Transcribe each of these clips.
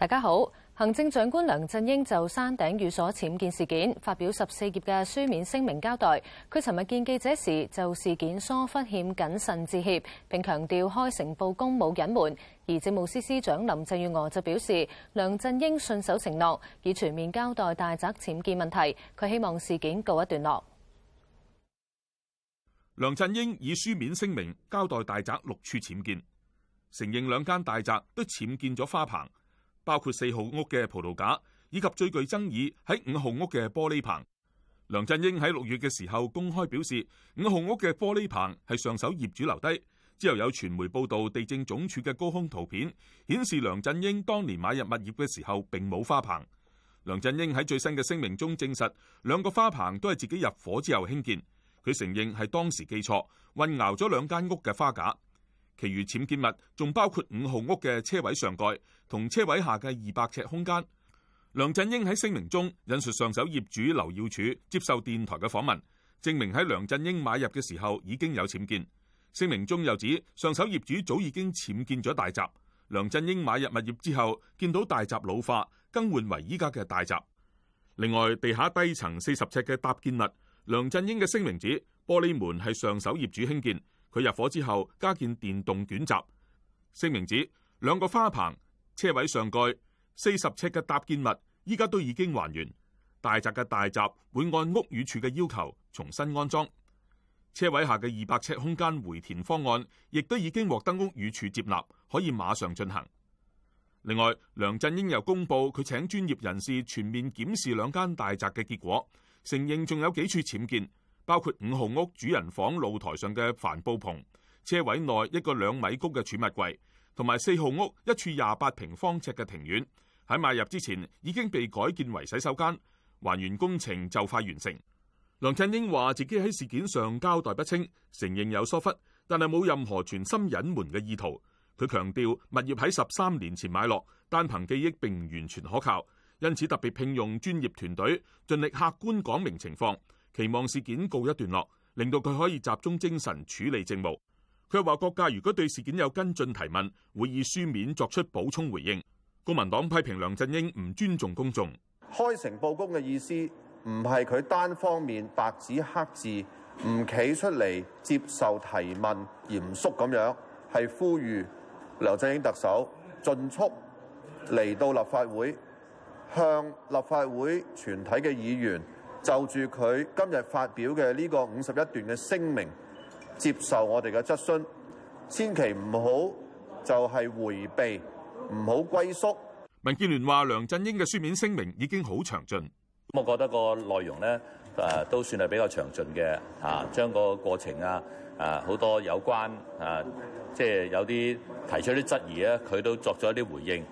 大家好，行政長官梁振英就山頂寓所僭建事件發表十四頁嘅書面聲明，交代佢尋日見記者時就事件疏忽欠謹慎致歉，並強調開誠布公冇隱瞞。而政務司司長林鄭月娥就表示，梁振英信守承諾，已全面交代大宅僭建問題。佢希望事件告一段落。梁振英以書面聲明交代大宅六處僭建，承認兩間大宅都僭建咗花棚。包括四號屋嘅葡萄架，以及最具爭議喺五號屋嘅玻璃棚。梁振英喺六月嘅時候公開表示，五號屋嘅玻璃棚係上手業主留低。之後有傳媒報道地政總署嘅高空圖片，顯示梁振英當年買入物業嘅時候並冇花棚。梁振英喺最新嘅聲明中證實，兩個花棚都係自己入伙之後興建。佢承認係當時記錯，混淆咗兩間屋嘅花架。其餘僭建物仲包括五號屋嘅車位上蓋同車位下嘅二百尺空間。梁振英喺聲明中引述上手業主劉耀柱接受電台嘅訪問，證明喺梁振英買入嘅時候已經有僭建。聲明中又指上手業主早已經僭建咗大閘，梁振英買入物業之後見到大閘老化，更換為依家嘅大閘。另外地下低層四十尺嘅搭建物，梁振英嘅聲明指玻璃門係上手業主興建。佢入伙之後加建電動捲閘，聲明指兩個花棚、車位上蓋、四十尺嘅搭建物，依家都已經還原。大宅嘅大閘會按屋宇署嘅要求重新安裝。車位下嘅二百尺空間回填方案，亦都已經獲得屋宇署接納，可以馬上進行。另外，梁振英又公布佢請專業人士全面檢視兩間大宅嘅結果，承認仲有幾處僭建。包括五號屋主人房露台上嘅帆布篷、車位內一個兩米高嘅儲物櫃，同埋四號屋一處廿八平方尺嘅庭院，喺買入之前已經被改建為洗手間，還原工程就快完成。梁振英話自己喺事件上交代不清，承認有疏忽，但係冇任何存心隱瞞嘅意圖。佢強調，物業喺十三年前買落，單憑記憶並唔完全可靠，因此特別聘用專業團隊，盡力客觀講明情況。期望事件告一段落，令到佢可以集中精神處理政務。佢又話國家如果對事件有跟進提問，會以書面作出補充回應。公民黨批評梁振英唔尊重公眾，開誠佈公嘅意思唔係，佢單方面白紙黑字唔企出嚟接受提問嚴肅咁樣，係呼籲梁振英特首盡速嚟到立法會向立法會全體嘅議員。就住佢今日發表嘅呢個五十一段嘅聲明，接受我哋嘅質詢，千祈唔好就係回避，唔好歸宿。民建聯話梁振英嘅書面聲明已經好詳盡。咁，我覺得個內容咧，誒都算係比較詳盡嘅啊，將個過程啊，誒好多有關啊，即係有啲提出啲質疑咧，佢都作咗啲回應，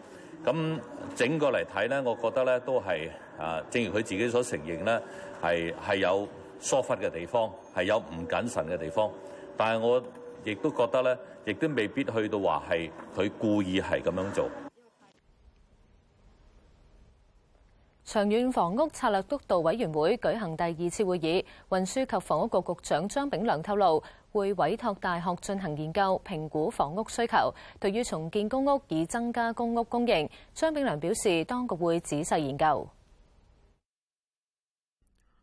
咁整個嚟睇咧，我覺得咧都係。啊！正如佢自己所承認呢，係係有疏忽嘅地方，係有唔謹慎嘅地方。但係我亦都覺得呢，亦都未必去到話係佢故意係咁樣做。長遠房屋策略督導委員會舉行第二次會議，運輸及房屋局局長張炳良透露，會委託大學進行研究評估房屋需求。對於重建公屋以增加公屋供應，張炳良表示，當局會仔細研究。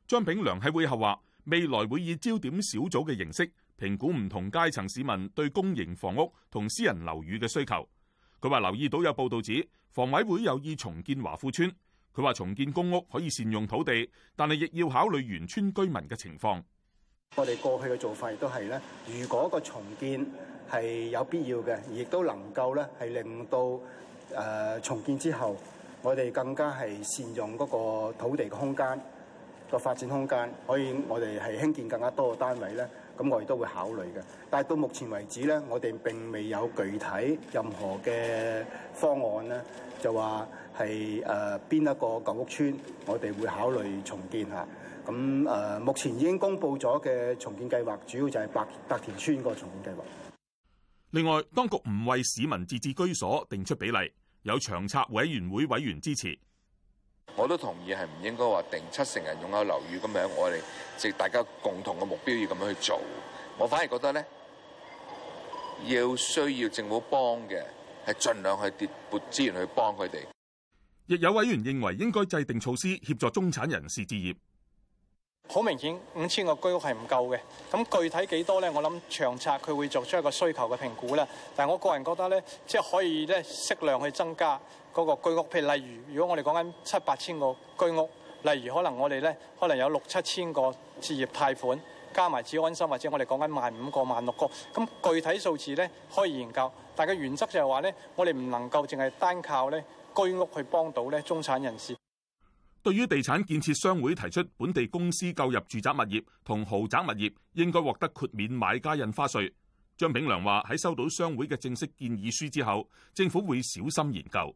張炳良喺會後話，未來會以焦點小組嘅形式評估唔同階層市民對公營房屋同私人樓宇嘅需求。佢話留意到有報道指房委會有意重建華富村。佢話重建公屋可以善用土地，但係亦要考慮原村居民嘅情況。我哋過去嘅做法亦都係咧，如果個重建係有必要嘅，亦都能夠咧係令到誒、呃、重建之後，我哋更加係善用嗰個土地嘅空間。個發展空間可以，我哋係興建更加多嘅單位咧。咁我亦都會考慮嘅。但係到目前為止咧，我哋並未有具體任何嘅方案咧，就話係誒邊一個舊屋村，我哋會考慮重建嚇。咁誒，目前已經公布咗嘅重建計劃，主要就係白白田村個重建計劃。另外，當局唔為市民自治居所定出比例，有長策委員會委員支持。我都同意係唔應該話定七成人擁有樓宇咁樣，我哋即大家共同嘅目標要咁樣去做。我反而覺得咧，要需要政府幫嘅，係盡量去跌撥資源去幫佢哋。亦有委員認為應該制定措施協助中產人士置業。好明顯五千個居屋係唔夠嘅，咁具體幾多呢？我諗長策佢會作出一個需求嘅評估啦。但是我個人覺得呢，即係可以呢適量去增加嗰個居屋，譬如例如，如果我哋講緊七八千個居屋，例如可能我哋呢，可能有六七千個置業貸款加埋置安心，或者我哋講緊萬五個萬六個，咁具體數字呢可以研究。但係原則就係話呢我哋唔能夠淨係單靠呢居屋去幫到呢中產人士。.對於地產建設商會提出本地公司購入住宅物業同豪宅物業應該獲得豁免買家印花稅，張炳良話喺收到商會嘅正式建議書之後，政府會小心研究。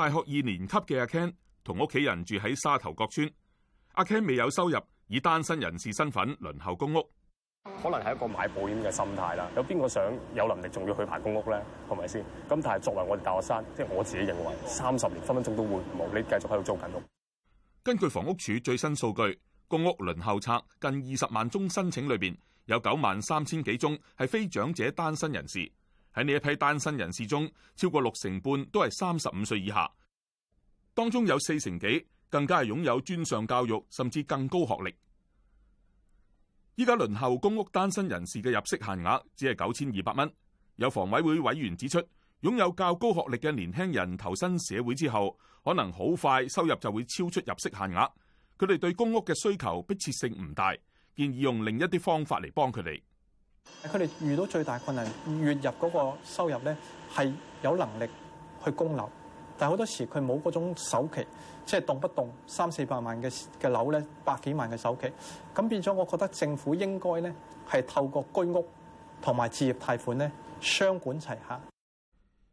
大學二年級嘅阿 Ken 同屋企人住喺沙頭角村，阿 Ken 未有收入，以單身人士身份輪候公屋，可能係一個買保險嘅心態啦。有邊個想有能力仲要去排公屋呢？係咪先？咁但係作為我哋大學生，即係我自己認為，三十年分分鐘都會冇，你繼續喺度租緊屋。根據房屋署最新數據，公屋輪候冊近二十萬宗申請裏邊，有九萬三千幾宗係非長者單身人士。喺呢一批單身人士中，超過六成半都係三十五歲以下，當中有四成幾更加係擁有專上教育，甚至更高學歷。依家輪候公屋單身人士嘅入息限額只係九千二百蚊。有房委會委員指出，擁有較高學歷嘅年輕人投身社會之後，可能好快收入就會超出入息限額，佢哋對公屋嘅需求迫切性唔大，建議用另一啲方法嚟幫佢哋。佢哋遇到最大困難，月入嗰個收入呢係有能力去供樓，但好多時佢冇嗰種首期，即係動不動三四百萬嘅嘅樓呢百幾萬嘅首期，咁變咗，我覺得政府應該呢係透過居屋同埋置業貸款呢雙管齊下。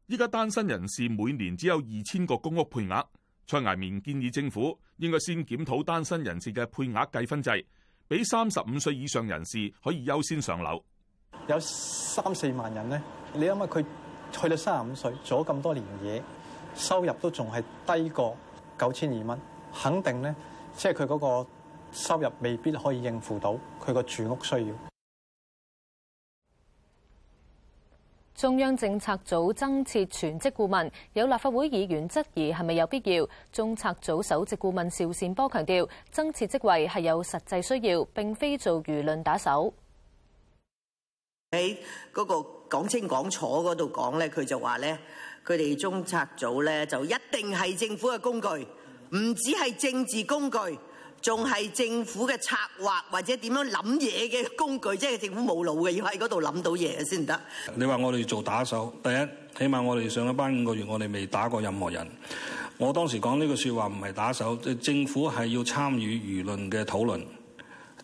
依家單身人士每年只有二千個公屋配額，蔡涯棉建議政府應該先檢討單身人士嘅配額計分制，俾三十五歲以上人士可以優先上樓。有三四萬人呢？你諗下佢去到三十五歲做咗咁多年嘢，收入都仲係低過九千二蚊，肯定呢，即係佢嗰個收入未必可以應付到佢個住屋需要。中央政策組增設全職顧問，有立法會議員質疑係咪有必要？中策組首席顧問邵善波強調，增設職位係有實際需要，並非做輿論打手。喺嗰個講清講楚嗰度講咧，佢就話咧，佢哋中策組咧就一定係政府嘅工具，唔只係政治工具，仲係政府嘅策劃或者點樣諗嘢嘅工具，即係政府冇腦嘅，要喺嗰度諗到嘢先得。你話我哋做打手，第一起碼我哋上咗班五個月，我哋未打過任何人。我當時講呢個說話唔係打手，政府係要參與輿論嘅討論。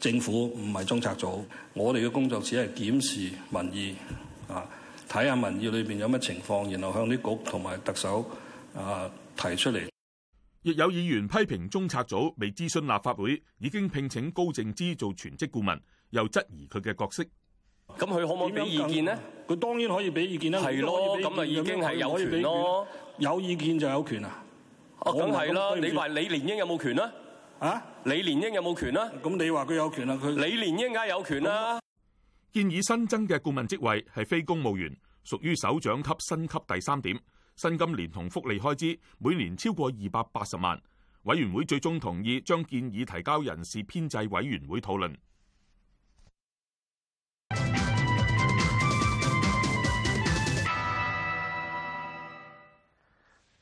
政府唔係中策組，我哋嘅工作只係檢視民意，啊睇下民意裏邊有乜情況，然後向啲局同埋特首啊提出嚟。亦有議員批評中策組未諮詢立法會，已經聘請高正之做全職顧問，又質疑佢嘅角色。咁佢可唔可以俾意見呢？佢當然可以俾意見啦。係咯的，咁咪已經係有權咯？有意見就有權啊？啊，梗係啦！你話李連英有冇權咧？啊！李連英有冇權啊？咁你話佢有權啊？佢李連英梗有權啦！建議新增嘅顧問職位係非公務員，屬於首長級薪級第三點，薪金連同福利開支每年超過二百八十萬。委員會最終同意將建議提交人事編制委員會討論。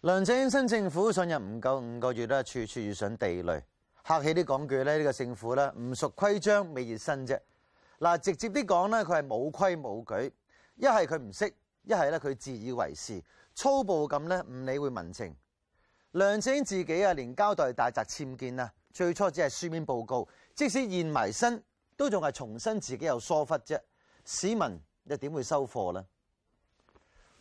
梁振英新政府上任唔夠五個月，都係處處遇上地雷。客氣啲講句咧，呢、這個政府咧唔屬、唔熟規章，未熱身啫。嗱，直接啲講咧，佢係冇規冇矩，一係佢唔識，一係咧佢自以為是，粗暴咁咧唔理會民情。梁振英自己啊，連交代大宅僭建啊，最初只係書面報告，即使現埋身都仲係重申自己有疏忽啫。市民又點會收貨呢？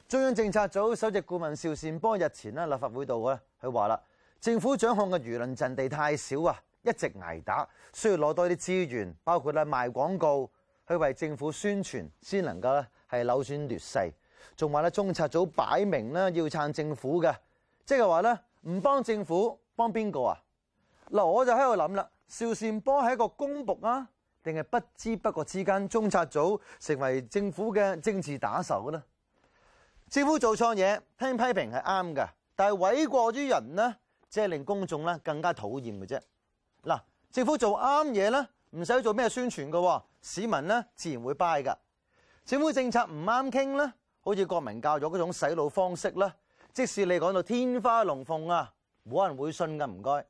中央政策組首席顧問邵善波日前咧立法會度咧，佢話啦。政府掌控嘅輿論陣地太少啊，一直挨打，需要攞多啲資源，包括咧賣廣告，去為政府宣傳，先能夠咧係扭轉劣勢。仲話咧中策組擺明咧要撐政府嘅，即係話咧唔幫政府幫邊個啊？嗱，我就喺度諗啦，邵善波係一個公僕啊，定係不知不覺之間中策組成為政府嘅政治打手咧？政府做錯嘢，聽批評係啱嘅，但係諉過於人呢。即係令公眾咧更加討厭嘅啫。嗱，政府做啱嘢咧，唔使做咩宣傳嘅，市民咧自然會 buy 噶。政府政策唔啱傾咧，好似國民教育嗰種洗腦方式，即使你講到天花龍鳳啊，冇人會信噶。唔該，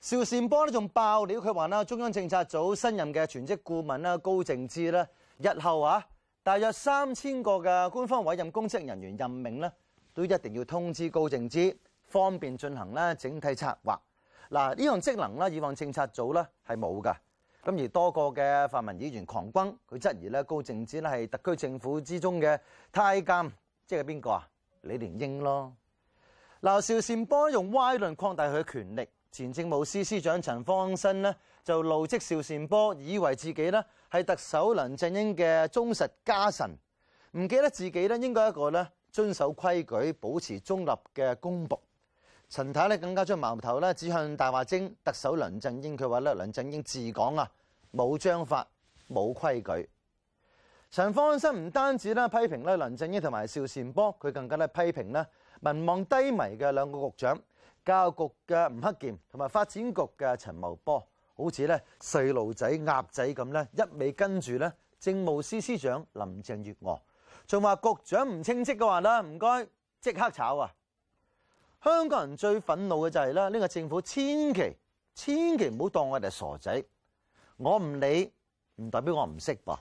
邵善波咧仲爆料，佢話啦，中央政策組新任嘅全職顧問啦，高靜芝咧，日後啊大約三千個嘅官方委任公職人員任命咧，都一定要通知高靜芝。方便進行咧整體策劃。嗱，呢項職能咧以往政策組咧係冇㗎。咁而多個嘅泛民議員狂轟佢，質疑咧高政司咧係特區政府之中嘅太監，即係邊個啊？李連英咯。嗱，邵善波用歪論擴大佢嘅權力。前政務司司長陳方安生就怒斥邵善波，以為自己咧係特首梁振英嘅忠實家臣，唔記得自己咧應該一個咧遵守規矩、保持中立嘅公僕。陳太咧更加將矛頭咧指向大話精特首梁振英，佢話咧梁振英自講啊冇章法冇規矩。陳方安生唔單止咧批評咧梁振英同埋邵善波，佢更加咧批評咧民望低迷嘅兩個局長，教育局嘅吳克儉同埋發展局嘅陳茂波，好似咧細路仔鴨仔咁咧，一味跟住咧政務司司長林鄭月娥，仲話局長唔稱職嘅話咧，唔該即刻炒啊！香港人最憤怒嘅就係咧，呢個政府千祈千祈唔好當我哋係傻仔，我唔理唔代表我唔識噃。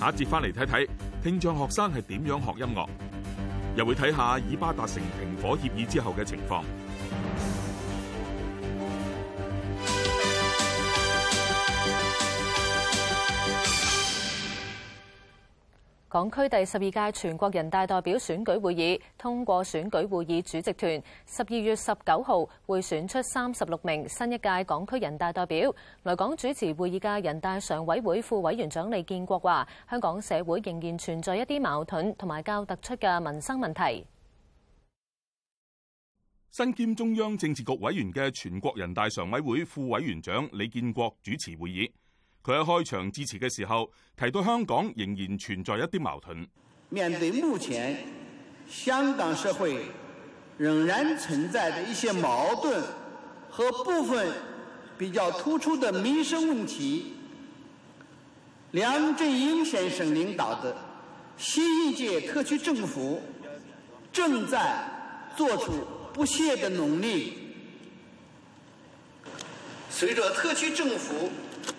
下一節翻嚟睇睇聽障學生係點樣學音樂，又會睇下以巴達成停火協議之後嘅情況。港區第十二屆全國人大代表選舉會議通過選舉會議主席團，十二月十九號會選出三十六名新一屆港區人大代表。來港主持會議嘅人大常委會副委員長李建國話：香港社會仍然存在一啲矛盾同埋較突出嘅民生問題。身兼中央政治局委員嘅全國人大常委會副委員長李建國主持會議。佢喺開場致辭嘅時候提到香港仍然存在一啲矛盾。面對目前香港社會仍然存在的一些矛盾和部分比較突出的民生問題，梁振英先生領導的新一屆特區政府正在做出不懈的努力。隨着特區政府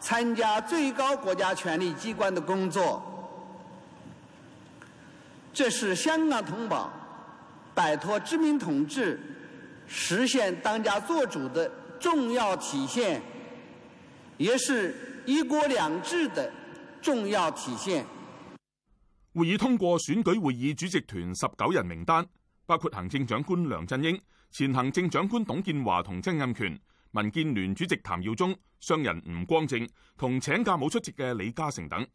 參加最高國家權力機關的工作，這是香港同胞擺脫殖民統治、實現當家作主的重要體現，也是一國兩制的重要體現。會議通過選舉會議主席團十九人名單，包括行政長官梁振英、前行政長官董建華同曾蔭權、民建聯主席譚耀宗。商人吳光正同請假冇出席嘅李嘉誠等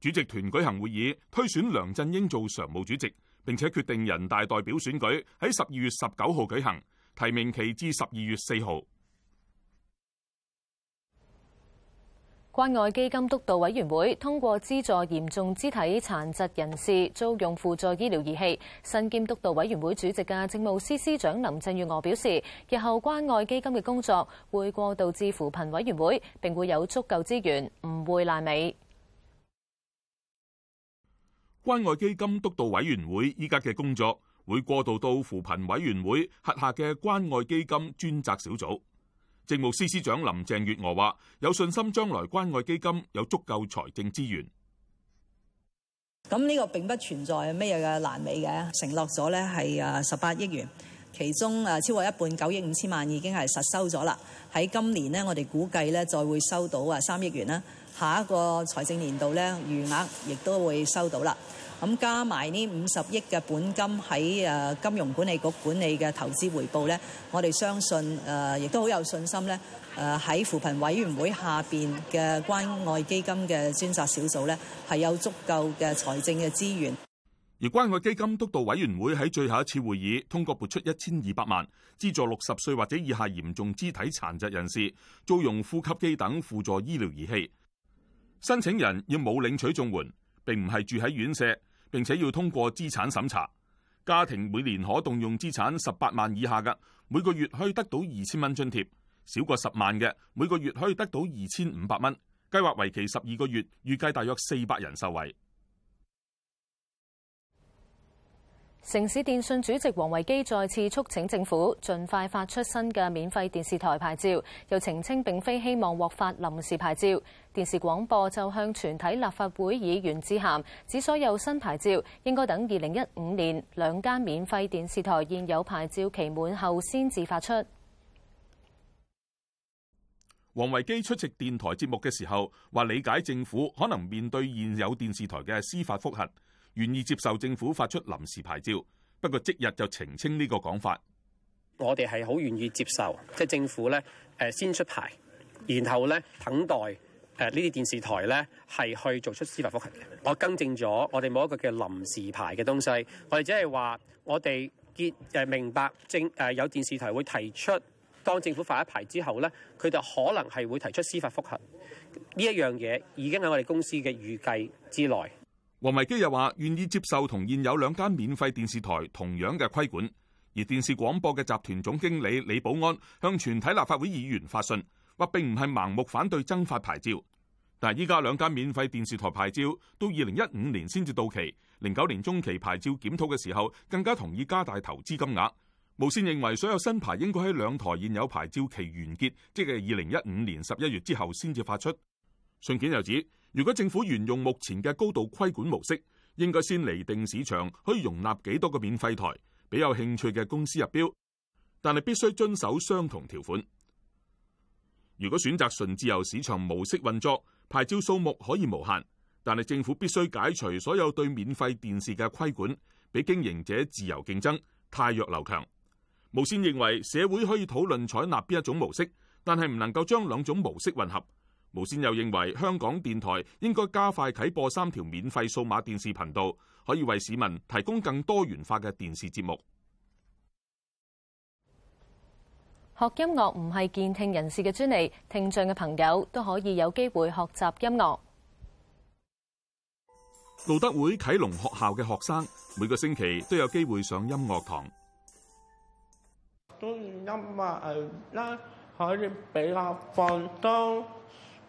主席團舉行會議，推選梁振英做常務主席，並且決定人大代表選舉喺十二月十九號舉行，提名期至十二月四號。關愛基金督導委員會通過資助嚴重肢體殘疾人士租用輔助醫療儀器。新兼督導委員會主席嘅政務司司長林鄭月娥表示，日後關愛基金嘅工作會過渡至扶貧委員會，並會有足夠資源，唔會爛尾。關愛基金督導委員會依家嘅工作會過渡到扶貧委員會轄下嘅關愛基金專責小組。政務司司長林鄭月娥話：有信心將來關愛基金有足夠財政資源。咁呢個並不存在咩嘅爛尾嘅，承諾咗咧係啊十八億元，其中啊超過一半九億五千萬已經係實收咗啦。喺今年呢，我哋估計咧再會收到啊三億元啦。下一個財政年度咧，餘額亦都會收到啦。咁加埋呢五十億嘅本金喺誒金融管理局管理嘅投資回報咧，我哋相信誒亦都好有信心咧。誒喺扶貧委員會下邊嘅關愛基金嘅專責小組咧，係有足夠嘅財政嘅資源。而關愛基金督導委員會喺最後一次會議通過撥出一千二百萬，資助六十歲或者以下嚴重肢體殘疾人士租用呼吸機等輔助醫療儀器。申請人要冇領取綜援，並唔係住喺院舍，並且要通過資產審查，家庭每年可動用資產十八萬以下嘅，每個月可以得到二千蚊津貼，少過十萬嘅，每個月可以得到二千五百蚊。計劃為期十二個月，預計大約四百人受惠。城市電訊主席王維基再次促請政府盡快發出新嘅免費電視台牌照，又澄清並非希望獲發臨時牌照。電視廣播就向全體立法會議員致函，指所有新牌照應該等二零一五年兩間免費電視台現有牌照期滿後先至發出。王維基出席電台節目嘅時候，話理解政府可能面對現有電視台嘅司法覆核。願意接受政府發出臨時牌照，不過即日就澄清呢個講法。我哋係好願意接受，即、就、係、是、政府咧，誒先出牌，然後咧等待誒呢啲電視台咧係去做出司法覆核嘅。我更正咗，我哋冇一個叫臨時牌嘅東西，我哋只係話我哋結誒、呃、明白政誒、呃、有電視台會提出，當政府發咗牌之後咧，佢就可能係會提出司法覆核。呢一樣嘢已經喺我哋公司嘅預計之內。王維基又話願意接受同現有兩間免費電視台同樣嘅規管，而電視廣播嘅集團總經理李寶安向全體立法會議員發信，話並唔係盲目反對增發牌照，但係依家兩間免費電視台牌照到二零一五年先至到期，零九年中期牌照檢討嘅時候更加同意加大投資金額。無線認為所有新牌應該喺兩台現有牌照期完結，即係二零一五年十一月之後先至發出。信件又指。如果政府沿用目前嘅高度規管模式，應該先厘定市場可以容納幾多個免費台，俾有興趣嘅公司入標，但係必須遵守相同條款。如果選擇純自由市場模式運作，牌照數目可以無限，但係政府必須解除所有對免費電視嘅規管，俾經營者自由競爭，汰弱留強。無線認為社會可以討論採納邊一種模式，但係唔能夠將兩種模式混合。無綫又認為香港電台應該加快啟播三條免費數碼電視頻道，可以為市民提供更多元化嘅電視節目。學音樂唔係健聽人士嘅專利，聽障嘅朋友都可以有機會學習音樂。路德會啟聾學校嘅學生每個星期都有機會上音樂堂。都音樂啦，可以俾我放鬆。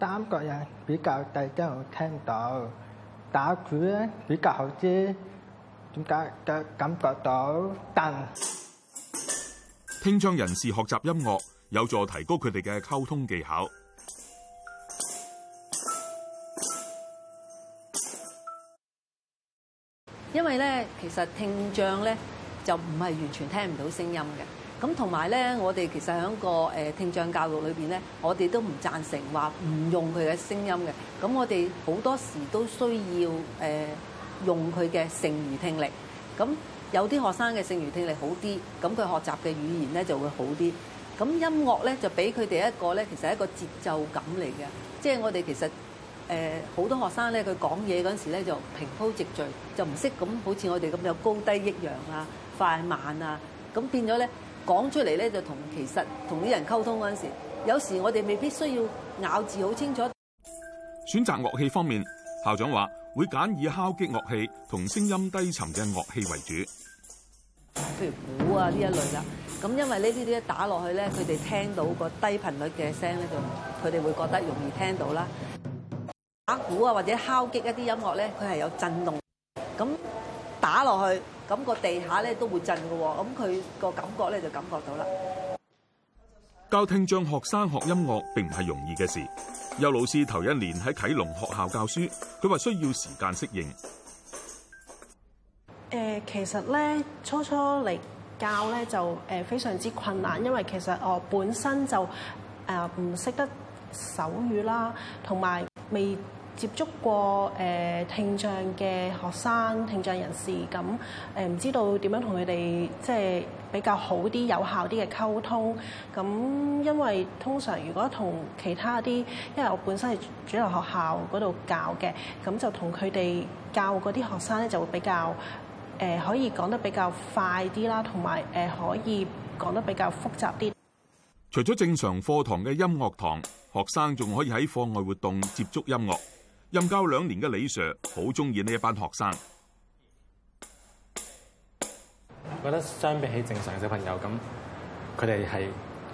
三個、嗯、人比較大聲，聽到打鼓咧比較好啲，點解感感覺到震。聽障人士學習音樂有助提高佢哋嘅溝通技巧，因為咧其實聽障咧就唔係完全聽唔到聲音嘅。咁同埋咧，我哋其實喺個聽障教育裏面咧，我哋都唔贊成話唔用佢嘅聲音嘅。咁我哋好多時都需要、呃、用佢嘅剩餘聽力。咁有啲學生嘅剩餘聽力好啲，咁佢學習嘅語言咧就會好啲。咁音樂咧就俾佢哋一個咧，其實係一個節奏感嚟嘅。即係我哋其實呃好多學生咧，佢講嘢嗰陣時咧就平鋪直敍，就唔識咁好似我哋咁有高低抑揚啊、快慢啊，咁變咗咧。講出嚟咧，就同其實同啲人溝通嗰陣時，有時我哋未必需要咬字好清楚。選擇樂器方面，校長話會揀以敲擊樂器同聲音低沉嘅樂器為主，譬如鼓啊呢一類啦。咁因為呢啲嘢打落去咧，佢哋聽到個低頻率嘅聲咧，就佢哋會覺得容易聽到啦。打鼓啊，或者敲擊一啲音樂咧，佢係有震動咁。打落去，咁個地下咧都會震嘅喎，咁佢個感覺咧就感覺到啦。教聽障學生學音樂並唔係容易嘅事。邱老師頭一年喺啟聾學校教書，佢話需要時間適應。誒，其實咧初初嚟教咧就誒非常之困難，因為其實我本身就誒唔識得手語啦，同埋未。接觸過誒聽障嘅學生、聽障人士，咁誒唔知道點樣同佢哋即係比較好啲、有效啲嘅溝通。咁因為通常如果同其他啲，因為我本身係主流學校嗰度教嘅，咁就同佢哋教嗰啲學生咧，就會比較誒可以講得比較快啲啦，同埋誒可以講得比較複雜啲。除咗正常課堂嘅音樂堂，學生仲可以喺課外活動接觸音樂。任教兩年嘅李 Sir 好中意呢一班學生，我覺得相比起正常嘅小朋友咁，佢哋係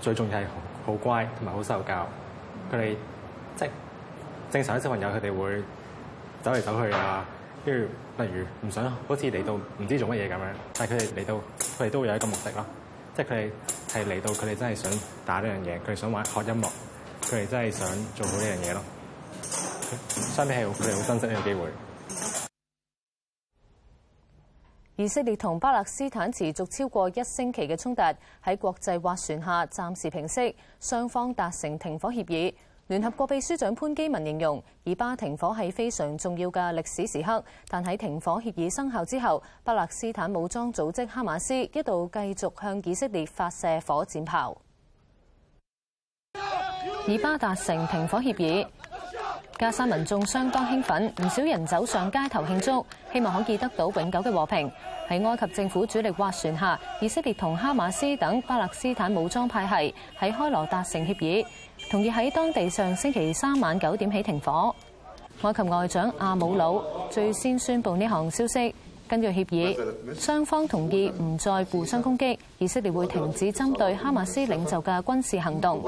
最重要係好乖同埋好受教。佢哋即正常嘅小朋友，佢哋、就是、會走嚟走去啊，跟住例如唔想好似嚟到唔知做乜嘢咁樣，但係佢哋嚟到佢哋都會有一個目的咯。即係佢哋係嚟到，佢哋真係想打呢樣嘢，佢哋想玩學音樂，佢哋真係想做好呢樣嘢咯。上面係佢好珍惜呢個機會。以色列同巴勒斯坦持續超過一星期嘅衝突喺國際斡旋下暫時平息，雙方達成停火協議。聯合國秘書長潘基文形容以巴停火係非常重要嘅歷史時刻。但喺停火協議生效之後，巴勒斯坦武裝組織哈馬斯一度繼續向以色列發射火箭炮。以巴達成停火協議。加沙民眾相當興奮，唔少人走上街頭慶祝，希望可以得到永久嘅和平。喺埃及政府主力斡旋下，以色列同哈馬斯等巴勒斯坦武裝派系喺開羅達成協議，同意喺當地上星期三晚九點起停火。埃及外長阿姆魯最先宣布呢項消息。根據協議，雙方同意唔再互相攻擊，以色列會停止針對哈馬斯領袖嘅軍事行動，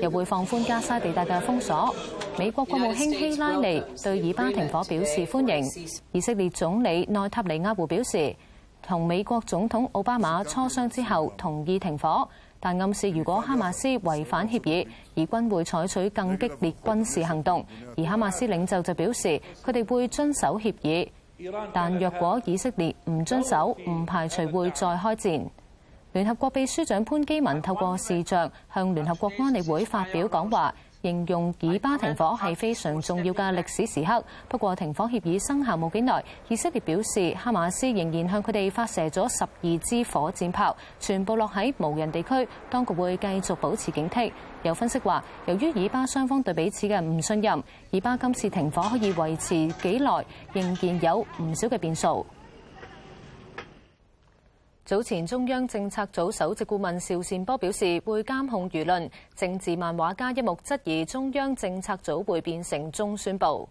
又會放寬加沙地帶嘅封鎖。美國國務卿希拉莉對以巴停火表示歡迎。以色列總理內塔尼亞胡表示，同美國總統奧巴馬磋商之後同意停火，但暗示如果哈馬斯違反協議，以軍會採取更激烈軍事行動。而哈馬斯領袖就表示，佢哋會遵守協議。但若果以色列唔遵守，唔排除會再開戰。聯合國秘書長潘基文透過視像向聯合國安理會發表講話，形容以巴停火係非常重要嘅歷史時刻。不過，停火協議生效冇幾耐，以色列表示哈馬斯仍然向佢哋發射咗十二支火箭炮，全部落喺無人地區。當局會繼續保持警惕。有分析話，由於以巴雙方對彼此嘅唔信任，以巴今次停火可以維持幾耐，仍然有唔少嘅變數。早前中央政策組首席顧問邵善波表示會監控輿論，政治漫畫家一目質疑中央政策組會變成中宣部。